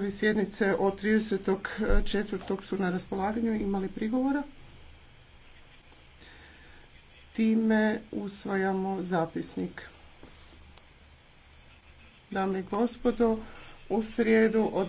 Nastavi sjednice od 34. su na raspolaganju imali prigovora. Time usvajamo zapisnik. Dame i gospodo, u srijedu od